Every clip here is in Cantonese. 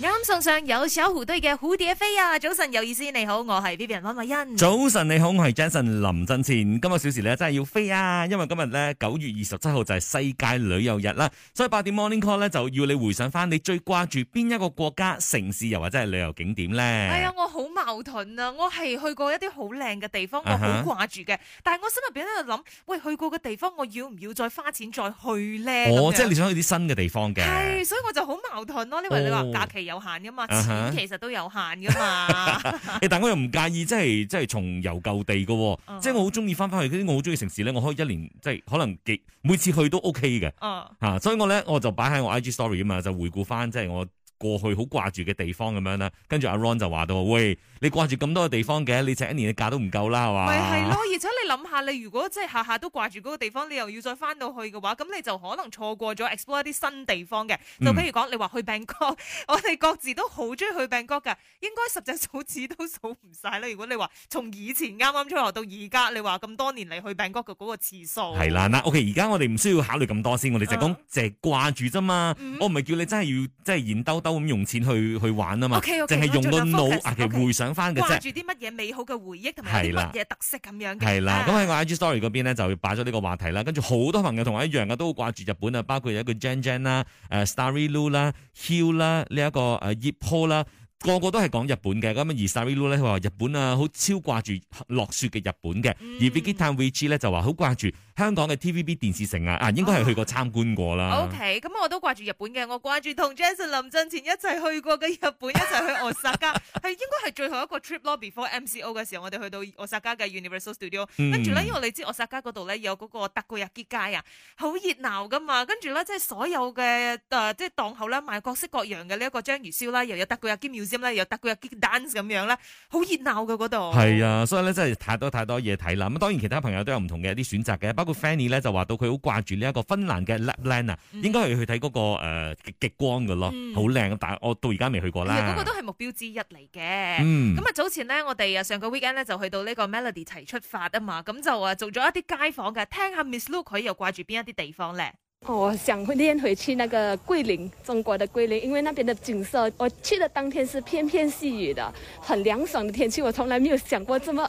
啱送上有小蝴蝶嘅蝴蝶飛啊！早晨有意思，你好，我係 Vivian 溫文欣。早晨你好，我係 Jason 林振前。今日小時咧真係要飛啊！因為今日咧九月二十七號就係世界旅遊日啦，所以八點 Morning Call 咧就要你回想翻你最掛住邊一個國家、城市又或者係旅遊景點咧。係啊、哎，我好矛盾啊！我係去過一啲好靚嘅地方，uh huh. 我好掛住嘅，但係我心入邊喺度諗，喂，去過嘅地方我要唔要再花錢再去咧？我、oh, 樣即係你想去啲新嘅地方嘅。係，所以我就好矛盾咯、啊。因為你話假期。有限，噶嘛，錢其實都有限噶嘛。誒、uh，huh. 但我又唔介意，即係即係重遊舊地噶喎。即係、uh huh. 我好中意翻返去嗰啲我好中意城市咧，我可以一年即係、即係、可能幾每次去都 OK 嘅。啊、uh，huh. 所以我咧，我就擺喺我 IG story 啊嘛，就回顧翻即係我。過去好掛住嘅地方咁樣啦，跟住阿 Ron 就話到喂，你掛住咁多嘅地方嘅，你請一年嘅假都唔夠啦，係嘛？咪係咯，而且你諗下，你如果即係下下都掛住嗰個地方，你又要再翻到去嘅話，咁你就可能錯過咗 explore 一啲新地方嘅。就譬如講，你話去冰谷，我哋各自都好中意去冰谷噶，應該十隻手指都數唔晒啦。如果你話從以前啱啱出學到而家，你話咁多年嚟，去冰谷嘅嗰個次數，係啦。嗱，OK，而家我哋唔需要考慮咁多先，我哋就講淨係掛住啫嘛。我唔係叫你真係要研究，真係染兜兜。咁用錢去去玩啊嘛，淨係 Okay, okay, 用到腦，其實、okay，回想翻嘅啫，掛住啲乜嘢美好嘅回憶，同埋啲乜嘢特色咁樣嘅。係啦的，咁喺我 IG Story 嗰邊咧就擺咗呢個話題啦。跟住好多朋友同我一樣嘅，都掛住日本啊，包括有一個 Jan Jan 啦、呃、誒 Starry Lu 啦、這個、Hill 啦呢一個誒 Ypo h 啦，o, 個個都係講日本嘅。咁的而 Starry Lu 咧，佢話日本啊好超掛住落雪嘅日本嘅。嗯、而 Vikatan Wee Chi 咧就話好掛住。香港嘅 TVB 電視城啊，啊應該係去過參觀過啦。O K，咁我都掛住日本嘅，我掛住同 Jason 臨陣前一齊去過嘅日本， 一齊去奧沙加，係應該係最後一個 trip 咯，before M C O 嘅時候，我哋去到奧沙加嘅 Universal Studio、嗯。跟住咧，因為你知奧沙加嗰度咧有嗰個德國日記街啊，好熱鬧噶嘛。跟住咧，即係所有嘅誒、呃，即係檔口咧賣各式各樣嘅呢一個章魚燒啦，又有德國日記 museum 啦，又有德國日記 dance 咁樣啦，好熱鬧嘅嗰度。係啊，所以咧真係太多太多嘢睇啦。咁當然其他朋友都有唔同嘅一啲選擇嘅，包 Fanny 咧就話到佢好掛住呢一個芬蘭嘅 Lapland 啊、嗯，應該係去睇嗰、那個誒、呃、極光嘅咯，好靚、嗯。但係我到而家未去過啦。嗰、那個都係目標之一嚟嘅。咁啊、嗯，早前咧我哋啊上個 weekend 咧就去到呢個 Melody 齊出發啊嘛，咁就啊做咗一啲街訪嘅，聽下 Miss Luke 佢又掛住邊一啲地方咧。我想先回去那個桂林，中國嘅桂林，因為那邊嘅景色。我去的當天是翩翩細雨嘅，很涼爽嘅天氣。我從來沒有想過咁樣。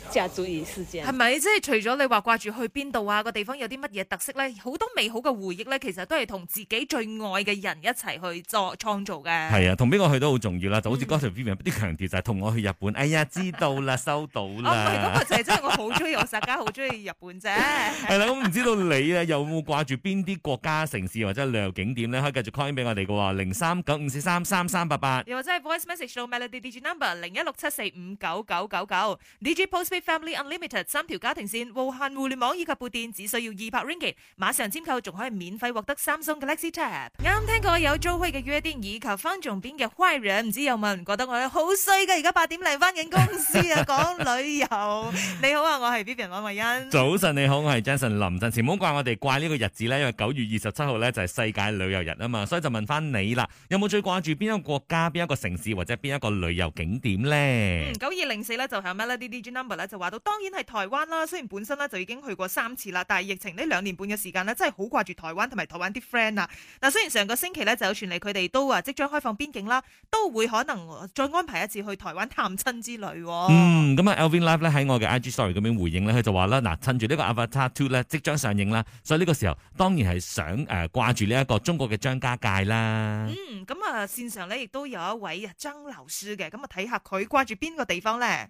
係咪即係除咗你話掛住去邊度啊，個地方有啲乜嘢特色咧？好多美好嘅回憶咧，其實都係同自己最愛嘅人一齊去作創造嘅。係啊，同邊個去都好重要啦，就好似剛才 Vivian 啲強調就係同我去日本。哎呀，知道啦，收到啦。我去嗰個就係真係我好中意，我更加好中意日本啫。係啦，咁唔知道你啊有冇掛住邊啲國家城市或者旅遊景點咧？可以繼續 call in 俾我哋嘅話，零三九五四三三三八八，又或者係 voice message 到 Melody DJ number 零一六七四五九九九九 DJ post。Family Unlimited 三條家庭線、無限互聯網以及布電，只需要二百 ringgit。馬上簽購仲可以免費獲得三星 Galaxy Tab。啱聽過有租飛嘅約定以及翻從邊嘅 Highland，唔知有冇人覺得我係好衰噶？而家八點嚟翻緊公司啊，講旅遊。你好啊，我係 Vivian 林慧欣。早晨你好，我係 Jason 林振前。唔好怪我哋怪呢個日子咧，因為九月二十七號咧就係世界旅遊日啊嘛，所以就問翻你啦，有冇最掛住邊一個國家、邊一個城市或者邊一個旅遊景點咧？嗯，九二零四咧就係 Melody DJ number 啦。就話到，當然係台灣啦。雖然本身咧就已經去過三次啦，但係疫情呢兩年半嘅時間呢，真係好掛住台灣同埋台灣啲 friend 啊！嗱，雖然上個星期呢，就有傳嚟佢哋都話即將開放邊境啦，都會可能再安排一次去台灣探親之類。嗯，咁啊，Elvin Live 咧喺我嘅 IG Story 嗰邊回應咧，佢就話啦：嗱、呃，趁住呢個 Avatar Two 咧即將上映啦，所以呢個時候當然係想誒、呃、掛住呢一個中國嘅張家界啦。嗯，咁啊線上咧亦都有一位啊張流書嘅，咁啊睇下佢掛住邊個地方咧。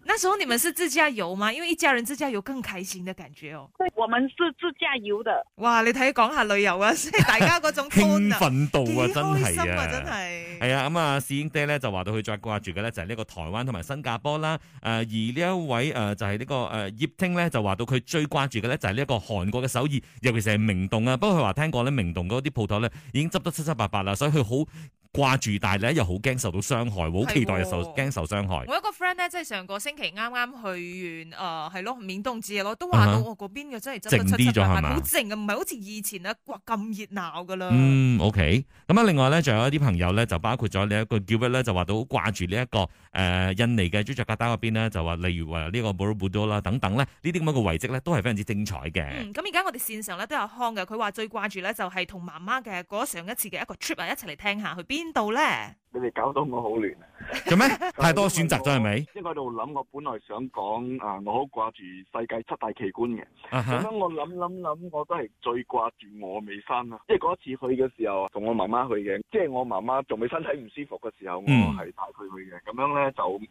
那時候你們是自駕遊嗎？因為一家人自駕遊更開心的感覺哦。對，我們是自駕遊的。哇，你睇講下旅遊啊，大家嗰種、啊、 興奮度啊，真係啊，真係的。係啊，咁、嗯、啊，士英爹咧就話到佢最掛住嘅咧就係、是、呢個台灣同埋新加坡啦。誒、呃，而呢一位誒、呃、就係、是這個呃、呢，就說呢、就是、個誒葉青咧就話到佢最掛住嘅咧就係呢一個韓國嘅首爾，尤其是係明洞啊。不過佢話聽過咧，明洞嗰啲鋪頭咧已經執得七七八八啦，所以佢好。掛住，但係咧又好驚受到傷害，好期待又受驚受傷害。我、哦、一個 friend 咧，即係上個星期啱啱去完，誒、呃、係咯，緬甸之嘅咯，都話到、嗯、哼我嗰邊嘅真係靜啲咗係咪？靜是是靜好靜嘅，唔係好似以前咧國咁熱鬧噶啦。嗯，OK，咁啊，另外咧仲有一啲朋友咧，就包括咗呢一個叫咩咧，就話到掛住呢一個誒、呃、印尼嘅蘇雀噶丹嗰邊咧，就話例如誒呢個布羅布多啦等等咧，這這呢啲咁樣嘅遺跡咧都係非常之精彩嘅。咁而家我哋線上咧都有康嘅，佢話最掛住咧就係同媽媽嘅嗰上一次嘅一個 trip 啊，一齊嚟聽下去邊。邊度咧？你哋搞到我好亂，做咩？太多選擇咗係咪？因為喺度諗，我本來想講啊，我好掛住世界七大奇觀嘅。Uh huh. 咁樣我諗諗諗，我都係最掛住我未生啊！即係嗰一次去嘅時候，同我媽媽去嘅，即係我媽媽仲未身體唔舒服嘅時候，我係帶佢去嘅。咁樣咧就。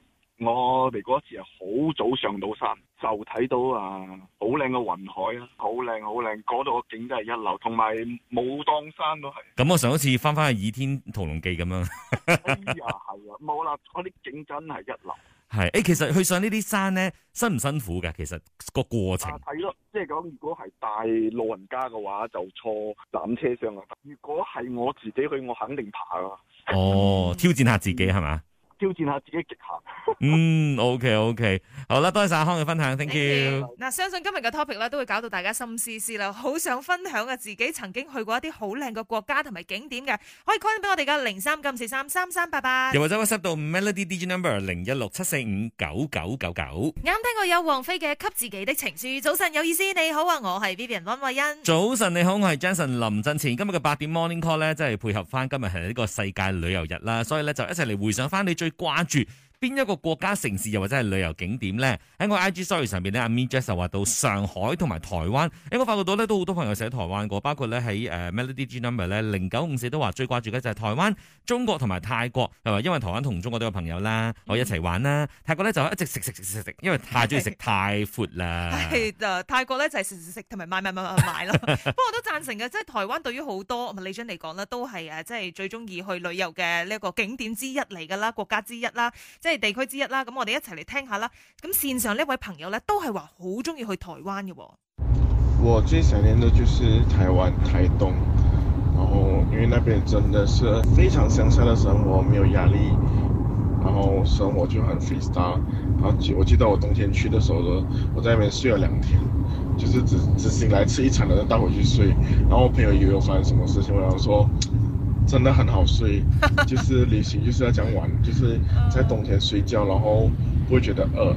我哋嗰次係好早上到山，就睇到啊，好靚嘅雲海啊，好靚好靚，嗰度個景真係一流，同埋武當山都係。咁、嗯、我上一次翻翻去《倚天屠龍記》咁樣。啊、 哎，係啊，冇啦，嗰啲景真係一流。係，誒、欸，其實去上呢啲山咧，辛唔辛苦㗎？其實個過程。係咯，即係講，如果係帶老人家嘅話，就坐纜車上啊。如果係我自己去，我肯定爬啊。 哦，挑戰下自己係嘛？是吧挑戰下自己極限。嗯，OK，OK，好啦，多謝阿康嘅分享，thank you。嗱，相信今日嘅 topic 咧都會搞到大家心思思啦，好想分享啊自己曾經去過一啲好靚嘅國家同埋景點嘅，可以 call 翻俾我哋嘅零三九四三三三八八，又或者 WhatsApp 到 Melody DJ Number 零一六七四五九九九九。啱聽過有王菲嘅《給自己的情書》，早晨有意思，你好啊，我係 Vivian 温慧欣。早晨你好，我係 Jason 林振前。今日嘅八點 morning call 咧，即係配合翻今日係呢個世界旅遊日啦，所以咧就一齊嚟回想翻你最。掛住邊一個國家、城市又或者係旅遊景點咧？喺我 IG story 上邊咧，阿 Mi Jess 又話到上海同埋台灣。因為我發覺到咧，都好多朋友寫台灣個，包括咧喺誒 Melody G Number 咧零九五四都話最掛住嘅就係台灣、中國同埋泰國，係咪？因為台灣同中國都有朋友啦，我一齊玩啦。嗯、泰國咧就一直食食食食食食，因為太中意食太闊啦。泰國咧就係食食食同埋買買買買買咯。不過我都贊成嘅，即係台灣對於好多馬來西亞嚟講咧，都係誒即係最中意去旅遊嘅呢一個景點之一嚟㗎啦，國家之一啦，地區之一啦，咁我哋一齊嚟聽下啦。咁線上呢位朋友咧，都係話好中意去台灣嘅。我最想念嘅就是台灣台東，然後因為那邊真的是非常鄉下的生活，沒有壓力，然後生活就很 freestyle。然後我記得我冬天去嘅時候呢，我我在那邊睡了兩天，就是只醒來，吃一場的，然後大回去睡。然後我朋友以為我發生什麼事情，我同佢講。真的很好睡，就是旅行就是要講玩，就是在冬天睡覺，然後不會覺得餓。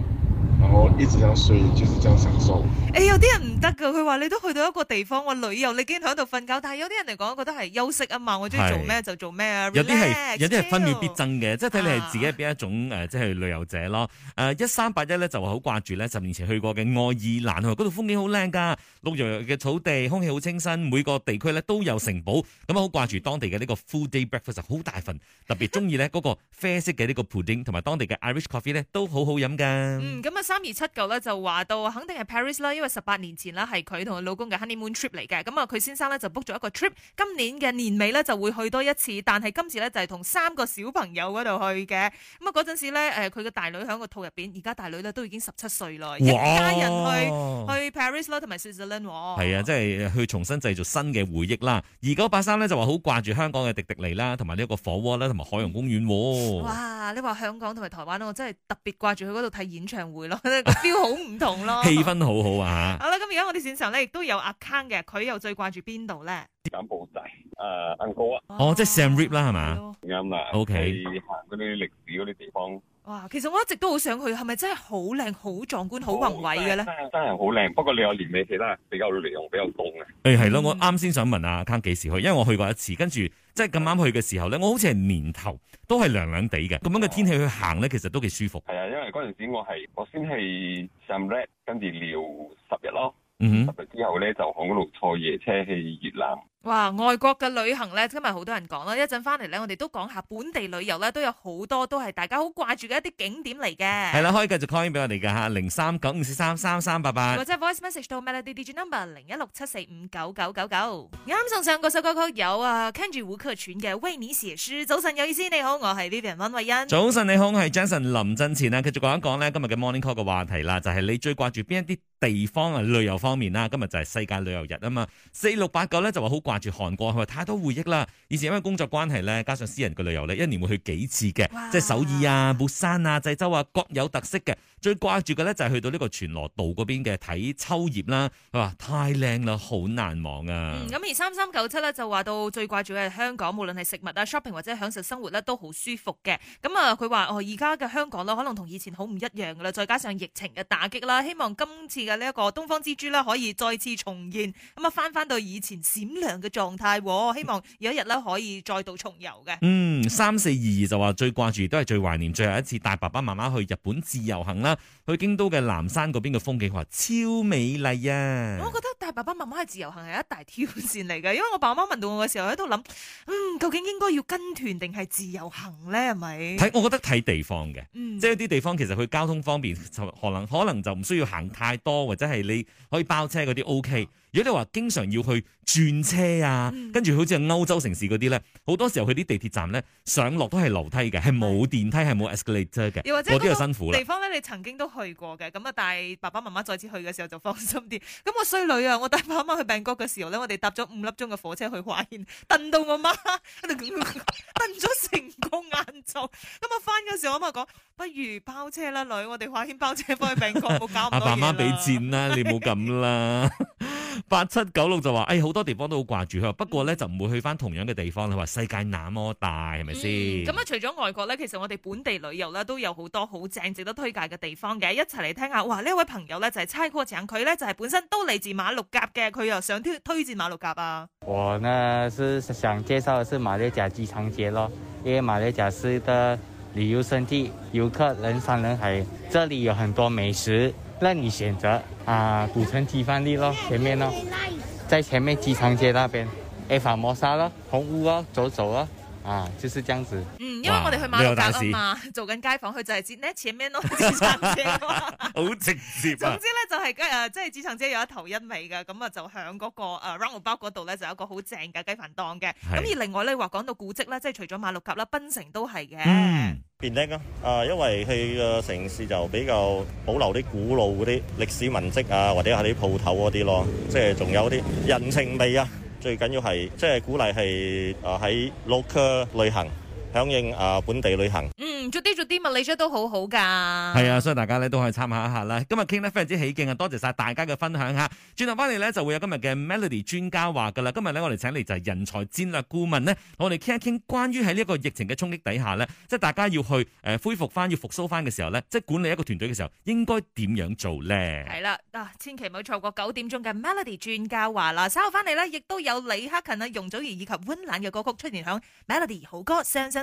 我一直想睡，就是這樣享受。誒、欸，有啲人唔得噶，佢話你都去到一個地方，我、呃、旅遊，你竟然喺度瞓覺。但係有啲人嚟講，覺得係休息啊嘛，我中意做咩就做咩啊。是鬆有啲係，有啲係分秒必爭嘅、啊呃，即係睇你係自己係邊一種誒，即係旅遊者咯。誒、呃，一三八一咧就話好掛住咧，十年前去過嘅愛爾蘭，嗰度風景好靚噶，綠油油嘅草地，空氣好清新，每個地區咧都有城堡。咁啊、 嗯，好掛住當地嘅呢個 full day breakfast 好大份，特別中意咧嗰個啡色嘅呢個 pudding，同埋當地嘅 Irish coffee 咧都好好飲噶。咁啊。三二七九咧就話到肯定係 Paris 啦，因為十八年前啦係佢同佢老公嘅 Honeymoon Trip 嚟嘅，咁啊佢先生咧就 book 咗一個 trip，今年嘅年尾咧就會去多一次，但係今次咧就係同三個小朋友嗰度去嘅，咁啊嗰陣時咧誒佢嘅大女喺個肚入邊，而家大女咧都已經十七歲咯，哇一家人去去 Paris 啦，同埋 Switzerland，係啊，即係去重新製造新嘅回憶啦。二九八三咧就話好掛住香港嘅迪迪尼啦，同埋呢一個火鍋啦，同埋海洋公園喎。哇，你話香港同埋台灣咧，我真係特別掛住去嗰度睇演唱會咯。標好唔同咯，氣氛好好啊，好啦，咁而家我哋線上咧亦都有阿康嘅，佢又最掛住邊度咧？柬埔寨，誒 Uncle 啊，哦，即係、啊、Sam Rip 啦，係嘛？啱啦、嗯，OK，行嗰啲歷史嗰啲地方。哇，其實我一直都好想去，係咪真係好靚、好壯觀、好宏偉嘅咧？真係好靚，不過你有年尾去啦，比較涼、比較凍嘅。誒、欸，係咯，我啱先想問阿康幾時去，因為我去過一次，跟住即係咁啱去嘅時候咧，我好似係年頭，都係涼涼地嘅，咁樣嘅天氣去行咧，其實都幾舒服。嗰陣時，我係我先係上 Siem Reap 跟住聊十日咯。嗯、mm hmm. 十日之後咧，就喺嗰度坐夜車去越南。哇，外國嘅旅行咧，今日好多人講啦。一陣翻嚟咧，我哋都講下本地旅遊咧，都有好多都係大家好掛住嘅一啲景點嚟嘅。係啦，可以繼續 call 俾我哋㗎。吓零三九五四三三三八八，或者 voice message 到 Melody Digital number 零一六七四五九九九九。啱送上,上個首歌曲，有啊，聽住胡克泉嘅為你寫詩。早晨有意思，你好，我係 Vivian 温慧欣。早晨你好，我係 Jason 林振前啦。繼續講一講咧，今日嘅 Morning Call 嘅話題啦，就係、是、你最掛住邊一啲。地方啊，旅遊方面啦，今日就係世界旅遊日啊嘛。四六八九咧就話好掛住韓國，佢話太多回憶啦。以前因為工作關係咧，加上私人嘅旅遊咧，一年會去幾次嘅。哇即係首爾啊、釜山啊、濟州啊，各有特色嘅。最掛住嘅呢就係去到呢個全羅道嗰邊嘅睇秋葉啦，佢話太靚啦，好難忘啊！咁、嗯、而三三九七呢，就話到最掛住嘅係香港，無論係食物啊、shopping 或者享受生活咧都好舒服嘅。咁、嗯、啊，佢話哦，而家嘅香港呢，可能同以前好唔一樣啦，再加上疫情嘅打擊啦，希望今次嘅呢一個東方之珠呢，可以再次重現，咁啊翻翻到以前閃亮嘅狀態。希望有一日呢，可以再度重遊嘅。嗯，三四二二就話最掛住都係最懷念最後一次帶爸爸媽媽去日本自由行啦。去京都嘅南山嗰邊嘅風景，話超美麗啊！我覺得帶爸爸媽媽去自由行係一大挑戰嚟嘅，因為我爸我媽問到我嘅時候，喺度諗，嗯，究竟應該要跟團定係自由行咧？係咪？睇，我覺得睇地方嘅，嗯，即係一啲地方其實佢交通方便，就可能可能就唔需要行太多，或者係你可以包車嗰啲 OK。啊。如果你話經常要去轉車啊，跟住好似歐洲城市嗰啲咧，好多時候去啲地鐵站咧上落，都係樓梯嘅，係冇電梯，係冇 escalator 嘅。又或者辛苦地方咧，你曾經都去過嘅，咁啊帶爸爸媽媽再次去嘅時候就放心啲。咁我衰女啊，我帶爸爸媽媽去病谷嘅時候咧，我哋搭咗五粒鐘嘅火車去華軒，蹬到我媽，蹬咗成個晏晝。咁我翻嘅時候，我咪講、嗯，不如包車啦，女，我哋華軒包車翻去病谷，冇搞咁多嘢。阿爸媽俾錢啦，你冇咁啦。八七九六就話，哎，好多地方都好掛住佢，不過咧就唔會去翻同樣嘅地方。你話世界那麼大，係咪先？咁啊、嗯，除咗外國咧，其實我哋本地旅遊咧都有好多好正值得推介嘅地方嘅，一齊嚟聽下。哇，呢位朋友咧就係、是、猜哥仔，佢咧就係、是、本身都嚟自馬六甲嘅，佢又想推推薦馬六甲啊。我呢是想介紹嘅是馬六甲雞場街咯，因為馬六甲市嘅旅遊勝地，遊客人山人海，這裏有很多美食。那你選擇啊，古城雞飯粒咯，前面咯，在前面機場街那邊，艾法摩莎咯，紅屋咯，走走咯。啊，就是這樣子。嗯，因為我哋去馬六甲啊嘛，做緊街坊，佢就係接呢錢咩咯，紙層 好直接，啊。總之咧就係，是，誒，啊，即係紙層車有一頭一尾噶，咁，嗯那個，啊就響嗰個誒 roundabout 嗰度咧就有一個好正嘅雞飯檔嘅。咁是而另外咧話講到古蹟咧，即係除咗馬六甲啦，檳城都係嘅。嗯，變靚啊？啊，因為去嘅城市就比較保留啲古老嗰啲歷史文蹟啊，或者係啲鋪頭嗰啲咯，即係仲有啲人情味啊。最緊要係，即、就、係、是、鼓勵係，啊喺 local 旅行。響應啊、呃、本地旅行，嗯，做啲做啲物理出都好好噶，係啊，所以大家咧都可以參考一下啦。今日傾得非常之起勁啊，多謝晒大家嘅分享啊！轉頭翻嚟咧就會有今日嘅 Melody 專家話噶啦。今日咧我哋請嚟就係人才戰略顧問呢，我哋傾一傾關於喺呢一個疫情嘅衝擊底下呢，即係大家要去誒恢復翻，要復蘇翻嘅時候呢，即係管理一個團隊嘅時候，應該點樣做咧？係啦，嗱，千祈唔好錯過九點鐘嘅 Melody 專家話啦。稍後翻嚟呢，亦都有李克勤啊、容祖兒以及温嵐嘅歌曲出現響 Melody 好歌聲聲